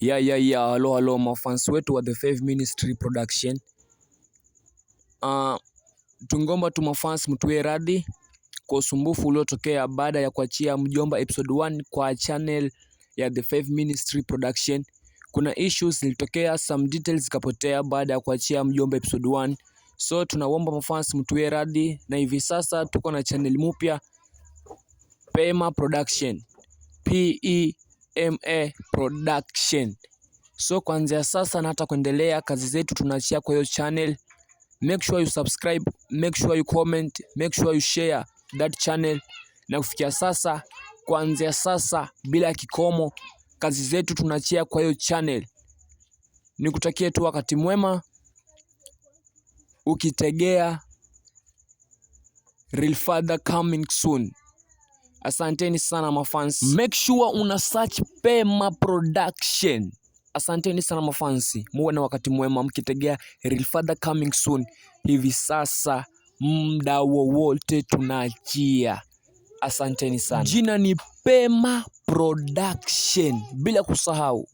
Ya ya ya yeah. Halo halo mafans wetu wa The Five Ministry Production. Uh, tungomba tu mafans mtuwe radhi kwa usumbufu uliotokea baada ya kuachia Mjomba episode 1 kwa channel ya The Five Ministry Production. Kuna issues zilitokea, some details zikapotea baada ya kuachia Mjomba episode 1. So tunaomba mafans mtuwe radhi, na hivi sasa tuko na channel mpya Pema Production. P E MA Production. So kuanzia sasa na hata kuendelea, kazi zetu tunaachia kwa hiyo channel. Make sure you subscribe, make sure you comment, make sure you share that channel. Na kufikia sasa, kuanzia sasa bila kikomo, kazi zetu tunaachia kwa hiyo channel. Nikutakie tu wakati mwema, ukitegea Real Father coming soon. Asanteni sana mafans, make sure una search Pema Production. Asanteni sana mafansi, muwe na wakati mwema mkitegea Real Father coming soon. Hivi sasa muda wowote tunaachia. Asanteni sana, jina ni Pema Production, bila kusahau